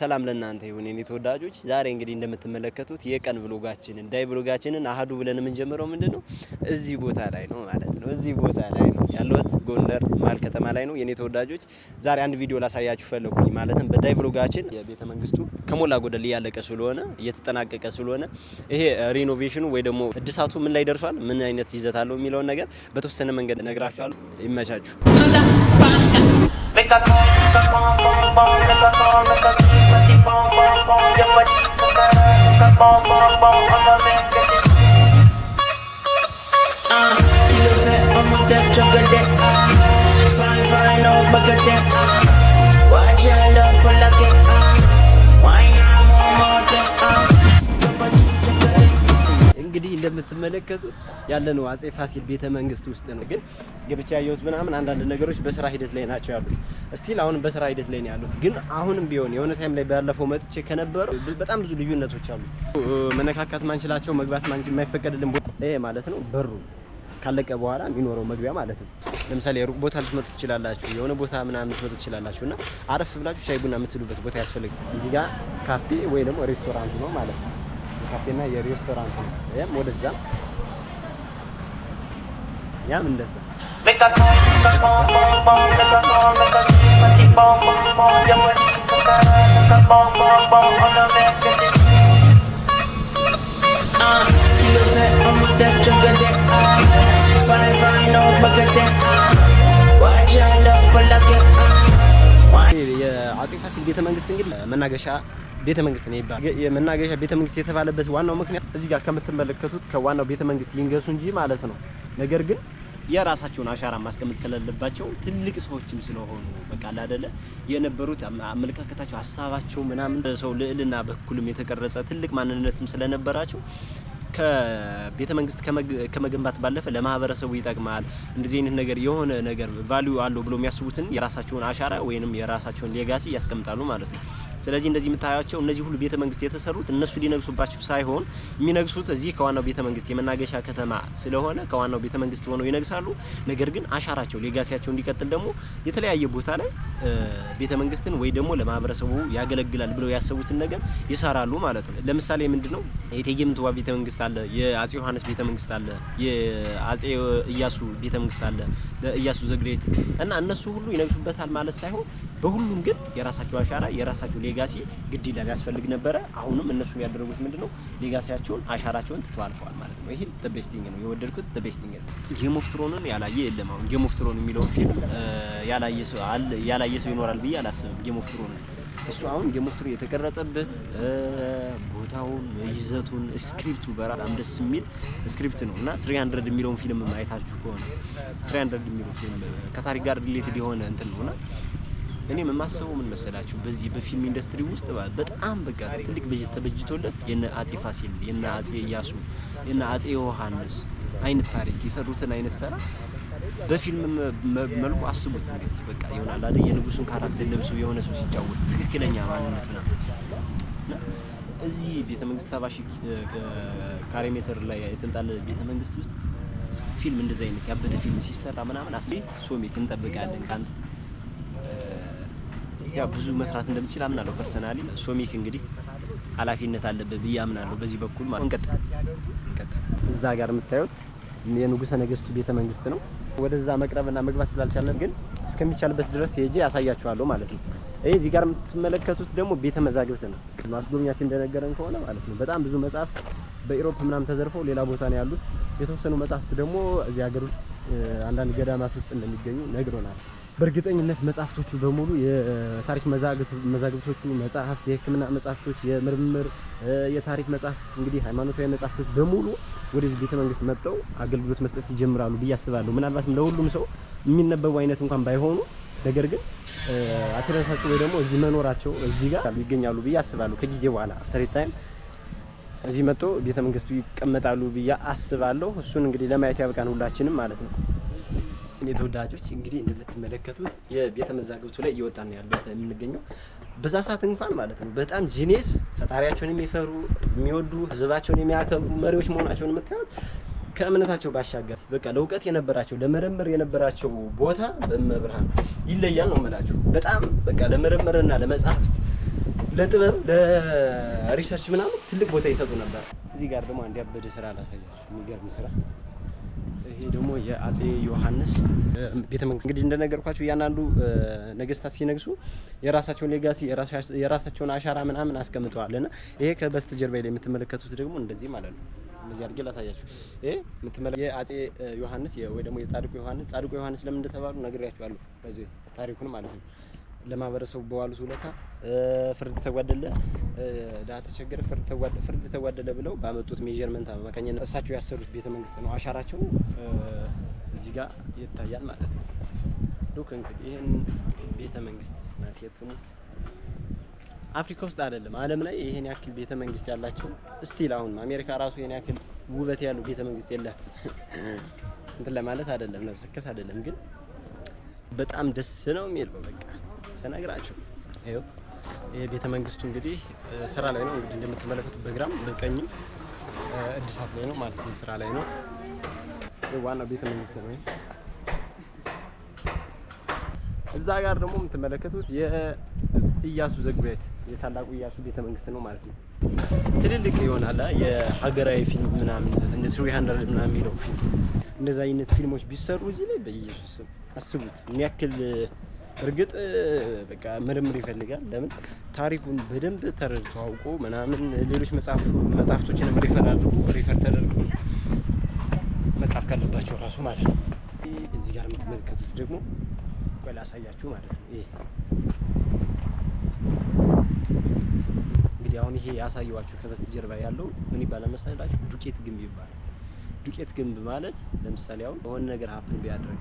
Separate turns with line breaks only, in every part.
ሰላም ለእናንተ ይሁን የኔ ተወዳጆች። ዛሬ እንግዲህ እንደምትመለከቱት የቀን ብሎጋችንን ዳይ ብሎጋችንን አህዱ ብለን የምንጀምረው ምንድን ነው እዚህ ቦታ ላይ ነው ማለት ነው። እዚህ ቦታ ላይ ነው ያለሁት ጎንደር መሀል ከተማ ላይ ነው የኔ ተወዳጆች። ዛሬ አንድ ቪዲዮ ላሳያችሁ ፈለኩኝ። ማለትም በዳይ ብሎጋችን የቤተ መንግስቱ ከሞላ ጎደል እያለቀ ስለሆነ እየተጠናቀቀ ስለሆነ ይሄ ሪኖቬሽኑ ወይ ደግሞ እድሳቱ ምን ላይ ደርሷል፣ ምን አይነት ይዘት አለው የሚለውን ነገር በተወሰነ መንገድ ነግራችኋለሁ። ይመቻችሁ። make a call, make a bomb, bomb, bomb, it Ah, kilo fat, I'm fine, fine, oh, bugger them. እንደምትመለከቱት ያለነው አጼ ፋሲል ቤተ መንግስት ውስጥ ነው። ግን ገብቼ ያየሁት ምናምን አንዳንድ ነገሮች በስራ ሂደት ላይ ናቸው ያሉት። እስቲል አሁንም በስራ ሂደት ላይ ነው ያሉት። ግን አሁንም ቢሆን የሆነ ታይም ላይ ባለፈው መጥቼ ከነበሩ በጣም ብዙ ልዩነቶች አሉት። መነካካት ማንችላቸው፣ መግባት የማይፈቀድልን ይሄ ማለት ነው በሩ ካለቀ በኋላ የሚኖረው መግቢያ ማለት ነው። ለምሳሌ የሩቅ ቦታ ልትመጡ ትችላላችሁ፣ የሆነ ቦታ ምናምን ልትመጡ ትችላላችሁ እና አረፍ ብላችሁ ሻይ ቡና የምትሉበት ቦታ ያስፈልግ። እዚህ ጋር ካፌ ወይ ደግሞ ሬስቶራንቱ ነው ማለት ነው። የካፌና የሬስቶራንት ነው። ያም ወደዛ ያም እንደዛ የአፄ ፋሲል ቤተመንግስት እንግዲህ መናገሻ ቤተ መንግስት ነው ይባላል። የመናገሻ ቤተ መንግስት የተባለበት ዋናው ምክንያት እዚህ ጋር ከምትመለከቱት ከዋናው ቤተ መንግስት ይንገሱ እንጂ ማለት ነው። ነገር ግን የራሳቸውን አሻራ ማስቀመጥ ስለለባቸው ትልቅ ሰዎችም ስለሆኑ በቃ አይደለ የነበሩት አመለካከታቸው፣ ሀሳባቸው ምናምን ሰው ልዕልና በኩልም የተቀረጸ ትልቅ ማንነትም ስለነበራቸው ከቤተ መንግስት ከመገንባት ባለፈ ለማህበረሰቡ ይጠቅማል፣ እንደዚህ አይነት ነገር የሆነ ነገር ቫልዩ አለው ብሎ የሚያስቡትን የራሳቸውን አሻራ ወይንም የራሳቸውን ሌጋሲ ያስቀምጣሉ ማለት ነው። ስለዚህ እንደዚህ የምታያቸው እነዚህ ሁሉ ቤተ መንግስት የተሰሩት እነሱ ሊነግሱባቸው ሳይሆን የሚነግሱት እዚህ ከዋናው ቤተ መንግስት የመናገሻ ከተማ ስለሆነ ከዋናው ቤተ መንግስት ሆነው ይነግሳሉ። ነገር ግን አሻራቸው ሌጋሲያቸው እንዲቀጥል ደግሞ የተለያየ ቦታ ላይ ቤተ መንግስትን ወይ ደግሞ ለማህበረሰቡ ያገለግላል ብለው ያሰቡትን ነገር ይሰራሉ ማለት ነው። ለምሳሌ ምንድን ነው የእቴጌ ምንትዋብ ቤተ መንግስት አለ፣ የአጼ ዮሐንስ ቤተ መንግስት አለ፣ የአጼ እያሱ ቤተ መንግስት አለ፣ እያሱ ዘግሬት እና እነሱ ሁሉ ይነግሱበታል ማለት ሳይሆን በሁሉም ግን የራሳቸው አሻራ የራሳቸው ሌጋሲ ግድ ይላል ያስፈልግ ነበረ። አሁንም እነሱ የሚያደርጉት ምንድን ነው ሌጋሲያቸውን አሻራቸውን ትተው አልፈዋል ማለት ነው። ይሄ ተቤስቲንግ ነው የወደድኩት፣ ተቤስቲንግ ነው። ጌም ኦፍ ትሮንን ያላየ የለም። አሁን ጌም ኦፍ ትሮን የሚለውን ፊልም ያላየ ሰው ያላየ ሰው ይኖራል ብዬ አላስብም። ጌም ኦፍ ትሮን እሱ አሁን ጌም ኦፍ ትሮን የተቀረጸበት ቦታውን፣ ይዘቱን፣ ስክሪፕቱ በጣም ደስ የሚል ስክሪፕት ነው እና ስሪ ሀንድረድ የሚለውን ፊልም ማየታችሁ ከሆነ ስሪ ሀንድረድ የሚለው ፊልም ከታሪክ ጋር ሪሌትድ የሆነ እንትን ነው እና እኔም የማስበው ምን መሰላችሁ፣ በዚህ በፊልም ኢንዱስትሪ ውስጥ በጣም በቃ ትልቅ በጀት ተበጅቶለት የነ አጼ ፋሲል የነ አጼ ኢያሱ የነ አጼ ዮሐንስ አይነት ታሪክ የሰሩትን አይነት ስራ በፊልም መልኩ አስቡት። እንግዲህ በቃ ይሆናል አይደል? የንጉሱን ካራክተር ለብሶ የሆነ ሰው ሲጫወት ትክክለኛ ማንነት ነው። እዚህ ቤተ መንግስት ሰባ ሺህ ካሬ ሜትር ላይ የተንጣለለ ቤተ መንግስት ውስጥ ፊልም እንደዚህ አይነት ያበደ ፊልም ሲሰራ ምናምን አስቤ ሶሜክ እንጠብቃለን ካንተ ያው ብዙ መስራት እንደምትችል አምናለሁ። ፐርሰናሊ ሶሚክ እንግዲህ ኃላፊነት አለበት ብዬ አምናለሁ። በዚህ በኩል እንቀጥል። እዛ ጋር የምታዩት የንጉሰ ነገስቱ ቤተ መንግስት ነው። ወደዛ መቅረብና መግባት ስላልቻለን ግን እስከሚቻልበት ድረስ ሄጄ ያሳያችኋለሁ ማለት ነው። ይሄ እዚህ ጋር የምትመለከቱት ደግሞ ቤተ መዛግብት ነው። ማስጎብኛችን እንደነገረን ከሆነ ማለት ነው በጣም ብዙ መጽሐፍት በኢሮፕ ምናምን ተዘርፈው ሌላ ቦታ ነው ያሉት። የተወሰኑ መጽሐፍት ደግሞ እዚህ ሀገር ውስጥ አንዳንድ ገዳማት ውስጥ እንደሚገኙ ነግሮናል። በእርግጠኝነት መጽሐፍቶቹ በሙሉ የታሪክ መዛግብቶቹ መጽሐፍት፣ የሕክምና መጽሐፍቶች፣ የምርምር የታሪክ መጽሐፍት እንግዲህ ሃይማኖታዊ መጽሐፍቶች በሙሉ ወደዚህ ቤተ መንግስት መጥተው አገልግሎት መስጠት ይጀምራሉ ብዬ አስባለሁ። ምናልባትም ለሁሉም ሰው የሚነበቡ አይነት እንኳን ባይሆኑ ነገር ግን አትረሳቸው ወይ ደግሞ እዚህ መኖራቸው እዚህ ጋር ይገኛሉ ብዬ አስባለሁ። ከጊዜ በኋላ አፍተር ታይም እዚህ መጥቶ ቤተ መንግስቱ ይቀመጣሉ ብዬ አስባለሁ። እሱን እንግዲህ ለማየት ያብቃን ሁላችንም ማለት ነው። እኔ ተወዳጆች እንግዲህ እንደምትመለከቱት የቤተ መዛግብቱ ላይ እየወጣን ነው ያለ የምንገኘው። በዛ ሰዓት እንኳን ማለት ነው በጣም ጂኔስ ፈጣሪያቸውን የሚፈሩ የሚወዱ ህዝባቸውን የሚያከብሩ መሪዎች መሆናቸውን የምታዩት ከእምነታቸው ባሻገር በቃ ለእውቀት የነበራቸው ለመረመር የነበራቸው ቦታ በመብርሃን ይለያል ነው የምላችሁ። በጣም በቃ ለመረመርና ለመጽሐፍት፣ ለጥበብ፣ ለሪሰርች ምናምን ትልቅ ቦታ ይሰጡ ነበር። እዚህ ጋር ደግሞ አንድ ያበደ ስራ ላሳያችሁ፣ የሚገርም ስራ የአጼ ዮሐንስ ቤተ መንግስት እንግዲህ እንደነገርኳችሁ እያንዳንዱ ነገስታት ሲነግሱ የራሳቸውን ሌጋሲ የራሳቸውን አሻራ ምናምን አስቀምጠዋል እና ይሄ ጀርባ ላይ የምትመለከቱት ደግሞ እንደዚህ ማለት ነው። እንደዚህ አድርጌ ላሳያችሁ። ይሄ የምትመለከቱት የአጼ ዮሐንስ ወይ ደግሞ የጻድቁ ዮሐንስ ጻድቁ ዮሐንስ ለምን እንደተባሉ ነግሬያችኋለሁ። በዚህ ታሪኩን ማለት ነው። ለማህበረሰቡ በዋሉት ውለታ ፍርድ ተጓደለ፣ ዳ ተቸገረ፣ ፍርድ ተጓደለ ብለው ባመጡት ሜዥርመንት አማካኝነት እሳቸው ያሰሩት ቤተ መንግስት ነው። አሻራቸው እዚህ ጋር ይታያል ማለት ነው። ዱክ እንግዲህ ይህን ቤተ መንግስት ናት የትሙት አፍሪካ ውስጥ አይደለም ዓለም ላይ ይህን ያክል ቤተ መንግስት ያላቸው ስቲል አሁን አሜሪካ ራሱ ይህን ያክል ውበት ያለው ቤተ መንግስት የለም። እንትን ለማለት አይደለም ነፍስ ከስ አይደለም ግን በጣም ደስ ነው የሚል በቃ ስነግራችሁ ይኸው ይሄ ቤተ መንግስቱ እንግዲህ ስራ ላይ ነው። እንግዲህ እንደምትመለከቱት በግራም በቀኝም እድሳት ላይ ነው ማለት ነው፣ ስራ ላይ ነው። ዋናው ቤተ መንግስት ነው። እዛ ጋር ደግሞ የምትመለከቱት የኢያሱ ዘግቤት የታላቁ ኢያሱ ቤተ መንግስት ነው ማለት ነው። ትልልቅ ይሆናል የሀገራዊ ፊልም ምናምን ይዘት እንደ ስሪ ሀንድረድ ምናምን የሚለው ፊልም እንደዛ አይነት ፊልሞች ቢሰሩ እዚህ ላይ በኢየሱስ አስቡት የሚያክል እርግጥ በቃ ምርምር ይፈልጋል። ለምን ታሪኩን በደንብ ተረድቶ አውቆ ምናምን ሌሎች መጽሐፍቶችንም ሪፈር አድርጎ ሪፈር ተደርጎ መጽሐፍ ካለባቸው ራሱ ማለት ነው። እዚህ ጋር የምትመለከቱት ደግሞ ቆይ ላሳያችሁ ማለት ነው። ይሄ እንግዲህ አሁን ይሄ ያሳየዋችሁ ከበስተ ጀርባ ያለው ምን ይባላል መሰላችሁ? ዱቄት ግንብ ይባላል። ዱቄት ግንብ ማለት ለምሳሌ አሁን የሆነ ነገር ሀፕን ቢያደርግ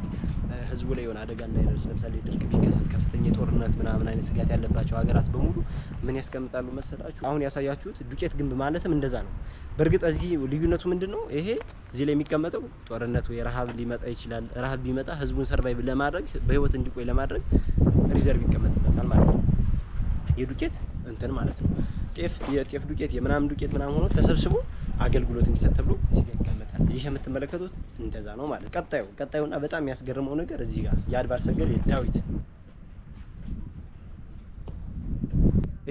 ህዝቡ ላይ የሆነ አደጋ እንዳይደርስ ለምሳሌ ድርቅ ቢከሰት ከፍተኛ የጦርነት ምናምን አይነት ስጋት ያለባቸው ሀገራት በሙሉ ምን ያስቀምጣሉ መሰላችሁ? አሁን ያሳያችሁት ዱቄት ግንብ ማለትም እንደዛ ነው። በእርግጥ እዚህ ልዩነቱ ምንድን ነው? ይሄ እዚህ ላይ የሚቀመጠው ወይ ረሀብ ሊመጣ ይችላል። ረሀብ ቢመጣ ህዝቡን ሰርቫይቭ ለማድረግ በህይወት እንዲቆይ ለማድረግ ሪዘርቭ ይቀመጥበታል ማለት ነው። የዱቄት እንትን ማለት ነው። ጤፍ የጤፍ ዱቄት የምናምን ዱቄት ምናምን ሆኖ ተሰብስቦ አገልግሎት እንዲሰጥ ተብሎ ይህ የምትመለከቱት እንደዛ ነው ማለት ቀጣዩ ቀጣዩና በጣም የሚያስገርመው ነገር እዚህ ጋር የአድባር ሰገር የዳዊት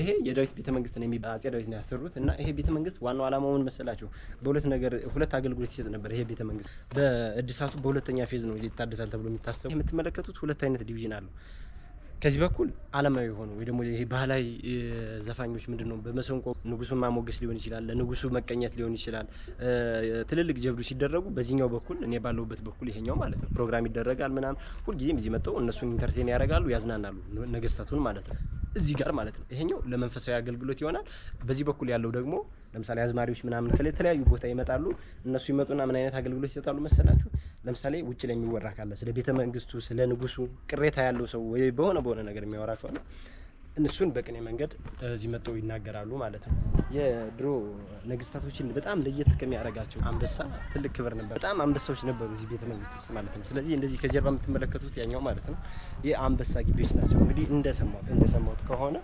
ይሄ የዳዊት ቤተመንግስት ነው የሚባል አጼ ዳዊት ነው ያሰሩት። እና ይሄ ቤተመንግስት ዋናው አላማውን መሰላችሁ በሁለት ነገር ሁለት አገልግሎት ይሰጥ ነበር። ይሄ ቤተመንግስት በእድሳቱ በሁለተኛ ፌዝ ነው ይታደሳል ተብሎ የሚታሰበው። የምትመለከቱት ሁለት አይነት ዲቪዥን አለው። ከዚህ በኩል አለማዊ የሆኑ ወይ ደግሞ ይሄ ባህላዊ ዘፋኞች ምንድን ነው በመሰንቆ ንጉሱን ማሞገስ ሊሆን ይችላል፣ ለንጉሱ መቀኘት ሊሆን ይችላል። ትልልቅ ጀብዱ ሲደረጉ በዚህኛው በኩል እኔ ባለሁበት በኩል ይሄኛው ማለት ነው ፕሮግራም ይደረጋል ምናምን። ሁልጊዜም እዚህ መጥተው እነሱን ኢንተርቴን ያደርጋሉ፣ ያዝናናሉ ነገስታቱን ማለት ነው እዚህ ጋር ማለት ነው። ይሄኛው ለመንፈሳዊ አገልግሎት ይሆናል። በዚህ በኩል ያለው ደግሞ ለምሳሌ አዝማሪዎች ምናምን ከተለያዩ ቦታ ይመጣሉ። እነሱ ይመጡና ምን አይነት አገልግሎት ይሰጣሉ መሰላችሁ? ለምሳሌ ውጭ ላይ የሚወራ ካለ ስለ ቤተ መንግስቱ፣ ስለ ንጉሱ ቅሬታ ያለው ሰው ወይ በሆነ በሆነ ነገር የሚያወራ ከሆነ እነሱን በቅኔ መንገድ እዚህ መጥተው ይናገራሉ ማለት ነው። የድሮ ነገስታቶችን በጣም ለየት ከሚያደርጋቸው አንበሳ ትልቅ ክብር ነበር። በጣም አንበሳዎች ነበሩ እዚህ ቤተ መንግስት ውስጥ ማለት ነው። ስለዚህ እንደዚህ ከጀርባ የምትመለከቱት ያኛው ማለት ነው። ይህ አንበሳ ግቢዎች ናቸው። እንግዲህ እንደሰማሁት እንደሰማሁት ከሆነ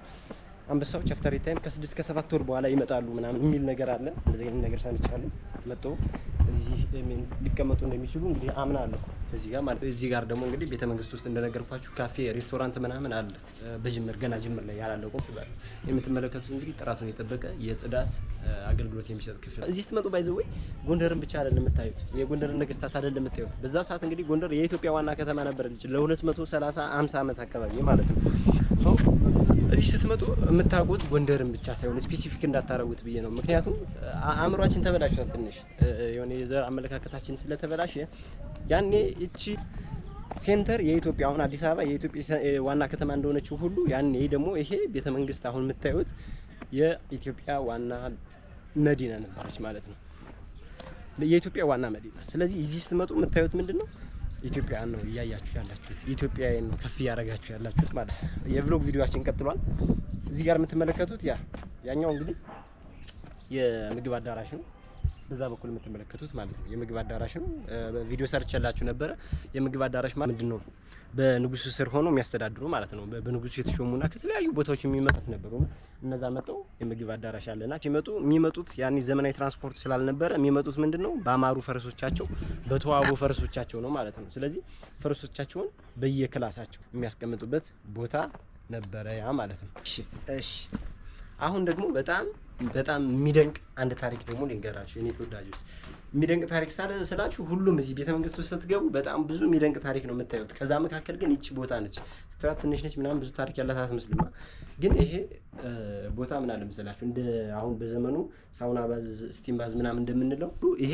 አንበሳዎች አፍተር ታይም ከስድስት ከሰባት ወር በኋላ ይመጣሉ ምናምን የሚል ነገር አለ። እንደዚህ አይነት ነገር ሰምቻለሁ። መጥተው እዚህ ሊቀመጡ እንደሚችሉ እንግዲህ አምናለሁ። እዚህ ጋር ማለት እዚህ ጋር ደግሞ እንግዲህ ቤተ መንግስት ውስጥ እንደነገርኳችሁ ካፌ፣ ሬስቶራንት ምናምን አለ። በጅምር ገና ጅምር ላይ ያላለቁ የምትመለከቱት እንግዲህ ጥራቱን የጠበቀ የጽዳት አገልግሎት የሚሰጥ ክፍል እዚህ ስትመጡ ባይዘወይ ጎንደርን ብቻ አይደለም የምታዩት፣ የጎንደርን ነገስታት አይደለም የምታዩት። በዛ ሰዓት እንግዲህ ጎንደር የኢትዮጵያ ዋና ከተማ ነበር ልጅ ለ230 50 ዓመት አካባቢ ማለት ነው። እዚህ ስትመጡ የምታውቁት ጎንደርን ብቻ ሳይሆን ስፔሲፊክ እንዳታረጉት ብዬ ነው። ምክንያቱም አእምሯችን ተበላሽቷል። ትንሽ የሆነ የዘር አመለካከታችን ስለተበላሸ ያኔ እቺ ሴንተር የኢትዮጵያ አሁን አዲስ አበባ የኢትዮጵያ ዋና ከተማ እንደሆነችው ሁሉ ያኔ ደግሞ ይሄ ቤተ መንግስት አሁን የምታዩት የኢትዮጵያ ዋና መዲና ነበረች ማለት ነው። የኢትዮጵያ ዋና መዲና። ስለዚህ እዚህ ስትመጡ የምታዩት ምንድን ነው? ኢትዮጵያን ነው እያያችሁ ያላችሁት፣ ኢትዮጵያ ነው ከፍ እያደረጋችሁ ያላችሁት ማለት ነው። የቭሎግ ቪዲዮችን ቀጥሏል። እዚህ ጋር የምትመለከቱት ያ ያኛው እንግዲህ የምግብ አዳራሽ ነው። በዛ በኩል የምትመለከቱት ማለት ነው የምግብ አዳራሽ ነው። ቪዲዮ ሰርች ያላችሁ ነበረ። የምግብ አዳራሽ ማለት ምንድን ነው? በንጉሱ ስር ሆኖ የሚያስተዳድሩ ማለት ነው። በንጉሱ የተሾሙና ከተለያዩ ቦታዎች የሚመጡት ነበሩ። እነዛ መጠው የምግብ አዳራሽ አለና ሲመጡ የሚመጡት ያኔ ዘመናዊ ትራንስፖርት ስላልነበረ የሚመጡት ምንድን ነው? በአማሩ ፈረሶቻቸው በተዋቡ ፈረሶቻቸው ነው ማለት ነው። ስለዚህ ፈረሶቻቸውን በየክላሳቸው የሚያስቀምጡበት ቦታ ነበረ ያ ማለት ነው። እሺ እሺ አሁን ደግሞ በጣም በጣም የሚደንቅ አንድ ታሪክ ደግሞ ልንገራችሁ የኔ ተወዳጆች። የሚደንቅ ታሪክ ስላችሁ ሁሉም እዚህ ቤተ መንግስት ውስጥ ስትገቡ በጣም ብዙ የሚደንቅ ታሪክ ነው የምታዩት። ከዛ መካከል ግን ይቺ ቦታ ነች። ስትዋት ትንሽ ነች ምናምን ብዙ ታሪክ ያላት አትመስልማ። ግን ይሄ ቦታ ምን አለ መሰላችሁ እንደ አሁን በዘመኑ ሳውና ባዝ፣ ስቲም ባዝ ምናምን እንደምንለው ይሄ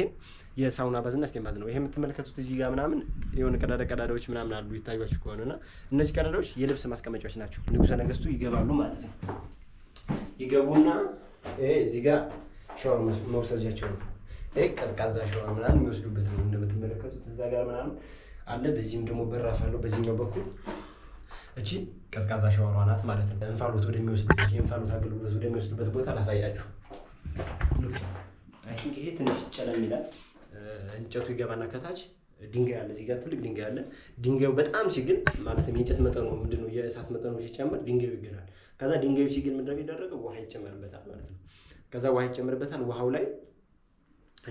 የሳውና እና ስቲም ባዝ ነው። ይሄ የምትመለከቱት እዚህ ጋር ምናምን የሆነ ቀዳዳ ቀዳዳዎች ምናምን አሉ ይታያችሁ ከሆነና እነዚህ ቀዳዳዎች የልብስ ማስቀመጫዎች ናቸው። ንጉሰ ነገስቱ ይገባሉ ማለት ነው። ይገቡና እዚህ ጋር ሻወር መውሰጃቸው ነው። ቀዝቃዛ ሻወር ምናምን የሚወስዱበት ነው እንደምትመለከቱት እዛ ጋር ምናምን አለ። በዚህም ደግሞ በራፍ አለው በዚህኛው በኩል እቺ ቀዝቃዛ ሻወሯ ናት ማለት ነው። እንፋሎት ወደሚወስዱት አገልግሎት ወደሚወስዱበት ቦታ ላሳያችሁ። አይ ቲንክ ይሄ ትንሽ ጨለም ይላል። እንጨቱ ይገባና ከታች ድንጋይ አለ። እዚህ ጋር ትልቅ ድንጋይ አለ። ድንጋዩ በጣም ሲግል ማለትም የእንጨት መጠኑ ምንድነው የእሳት መጠኑ ሲጨምር ድንጋዩ ይገላል። ከዛ ድንጋዩ ሲግል ምንድነው የሚደረገው? ውሃ ይጨመርበታል ማለት ነው። ከዛ ውሃ ይጨመርበታል። ውሃው ላይ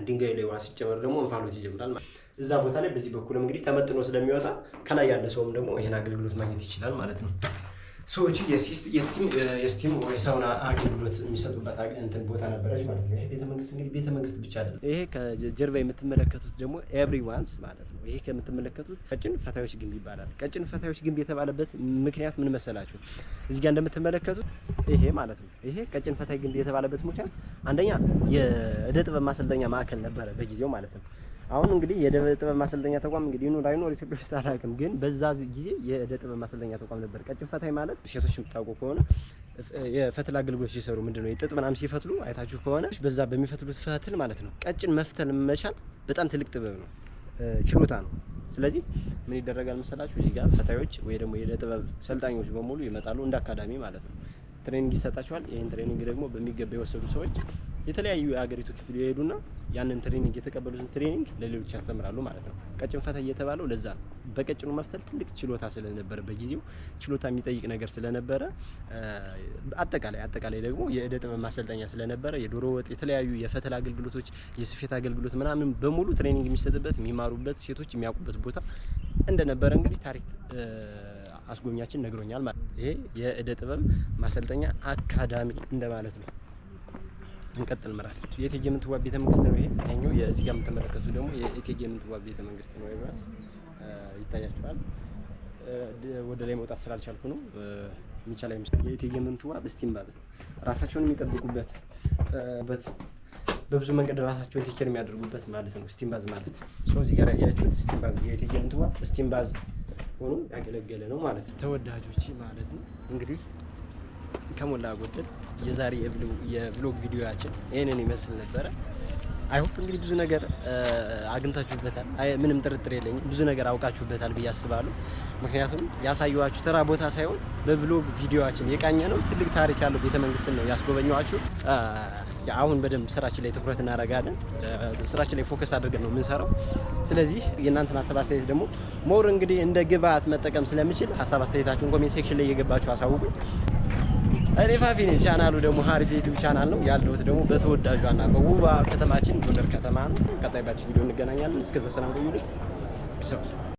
ድንጋዩ ላይ ውሃ ሲጨመር ደግሞ እንፋሎት ይጀምራል። እዛ ቦታ ላይ በዚህ በኩልም እንግዲህ ተመጥኖ ስለሚወጣ ከላይ ያለ ሰውም ደግሞ ይህን አገልግሎት ማግኘት ይችላል ማለት ነው። ሰዎች የስቲም የሳውና አገልግሎት የሚሰጡበት እንትን ቦታ ነበረች ማለት ነው። ይሄ ቤተመንግስት እንግዲህ ቤተመንግስት ብቻ አይደለም። ይሄ ከጀርባ የምትመለከቱት ደግሞ ኤቭሪዋንስ ማለት ነው። ይሄ ከምትመለከቱት ቀጭን ፈታዮች ግንብ ይባላል። ቀጭን ፈታዮች ግንብ የተባለበት ምክንያት ምን መሰላችሁ? እዚህ ጋር እንደምትመለከቱት ይሄ ማለት ነው። ይሄ ቀጭን ፈታይ ግንብ የተባለበት ምክንያት አንደኛ የእደ ጥበብ ማሰልጠኛ ማዕከል ነበረ በጊዜው ማለት ነው። አሁን እንግዲህ የዕደ ጥበብ ማሰልጠኛ ተቋም እንግዲህ ይኖር አይኖር ኢትዮጵያ ውስጥ አላውቅም፣ ግን በዛ ጊዜ የዕደ ጥበብ ማሰልጠኛ ተቋም ነበር። ቀጭን ፈታይ ማለት ሴቶች የምታውቁ ከሆነ የፈትል አገልግሎት ሲሰሩ ምንድነው የጥጥ ምናምን ሲፈትሉ አይታችሁ ከሆነ በዛ በሚፈትሉት ፈትል ማለት ነው። ቀጭን መፍተል መቻል በጣም ትልቅ ጥበብ ነው፣ ችሎታ ነው። ስለዚህ ምን ይደረጋል መሰላችሁ? እዚህ ጋር ፈታዮች ወይ ደግሞ የዕደ ጥበብ ሰልጣኞች በሙሉ ይመጣሉ፣ እንደ አካዳሚ ማለት ነው። ትሬኒንግ ይሰጣቸዋል። ይህን ትሬኒንግ ደግሞ በሚገባ የወሰዱ ሰዎች የተለያዩ የሀገሪቱ ክፍል የሄዱና ያንን ትሬኒንግ የተቀበሉትን ትሬኒንግ ለሌሎች ያስተምራሉ ማለት ነው። ቀጭን ፈታ እየተባለው ለዛ ነው። በቀጭኑ መፍተል ትልቅ ችሎታ ስለነበረ በጊዜው ችሎታ የሚጠይቅ ነገር ስለነበረ አጠቃላይ አጠቃላይ ደግሞ የእደ ጥበብ ማሰልጠኛ ስለነበረ የዶሮ ወጥ፣ የተለያዩ የፈተል አገልግሎቶች፣ የስፌት አገልግሎት ምናምን በሙሉ ትሬኒንግ የሚሰጥበት የሚማሩበት፣ ሴቶች የሚያውቁበት ቦታ እንደነበረ እንግዲህ ታሪክ አስጎብኛችን ነግሮኛል ማለት ነው። ይሄ የእደ ጥበብ ማሰልጠኛ አካዳሚ እንደማለት ነው። እንቀጥል ምራል የእቴጌ ምንትዋብ ቤተ መንግስት ነው። ይሄ ይሄኛው የዚህ ጋር የምትመለከቱ ደግሞ የእቴጌ ምንትዋብ ቤተ መንግስት ነው። ይባስ ይታያችኋል። ወደ ላይ መውጣት ስላልቻልኩ ነው። የሚቻል አይመስል የእቴጌ ምንትዋብ ስቲም ባዝ ነው። ራሳቸውን የሚጠብቁበት በት በብዙ መንገድ ራሳቸውን ቴኬር የሚያደርጉበት ማለት ነው። ስቲምባዝ ማለት ሰው እዚህ ጋር ያያችሁት ስቲምባዝ ባዝ የእቴጌ ምንትዋብ ስቲም ሆኖ ያገለገለ ነው ማለት ነው። ተወዳጆች ማለት ነው እንግዲህ ከሞላ ጎደል የዛሬ የብሎግ ቪዲዮያችን ይህንን ይመስል ነበረ። አይሆፕ እንግዲህ ብዙ ነገር አግኝታችሁበታል። ምንም ጥርጥር የለኝም ብዙ ነገር አውቃችሁበታል ብዬ አስባለሁ። ምክንያቱም ያሳየኋችሁ ተራ ቦታ ሳይሆን በብሎግ ቪዲዮችን የቃኘ ነው። ትልቅ ታሪክ ያለው ቤተመንግስትን ነው ያስጎበኘኋችሁ። አሁን በደንብ ስራችን ላይ ትኩረት እናደርጋለን። ስራችን ላይ ፎከስ አድርገን ነው የምንሰራው። ስለዚህ የእናንተን ሀሳብ አስተያየት ደግሞ ሞር እንግዲህ እንደ ግብአት መጠቀም ስለምችል ሀሳብ አስተያየታችሁን ኮሜንት ሴክሽን ላይ እየገባችሁ አሳውቁኝ። እኔ ፋፊ ነኝ። ቻናሉ ደግሞ ሀሪፍ ዩቲዩብ ቻናል ነው ያለሁት ደግሞ በተወዳጇና በውባ ከተማችን ጎንደር ከተማ ነው። ቀጣይ ባዲስ ቪዲዮ እንገናኛለን። እስከዛ ሰላም ቆዩልኝ።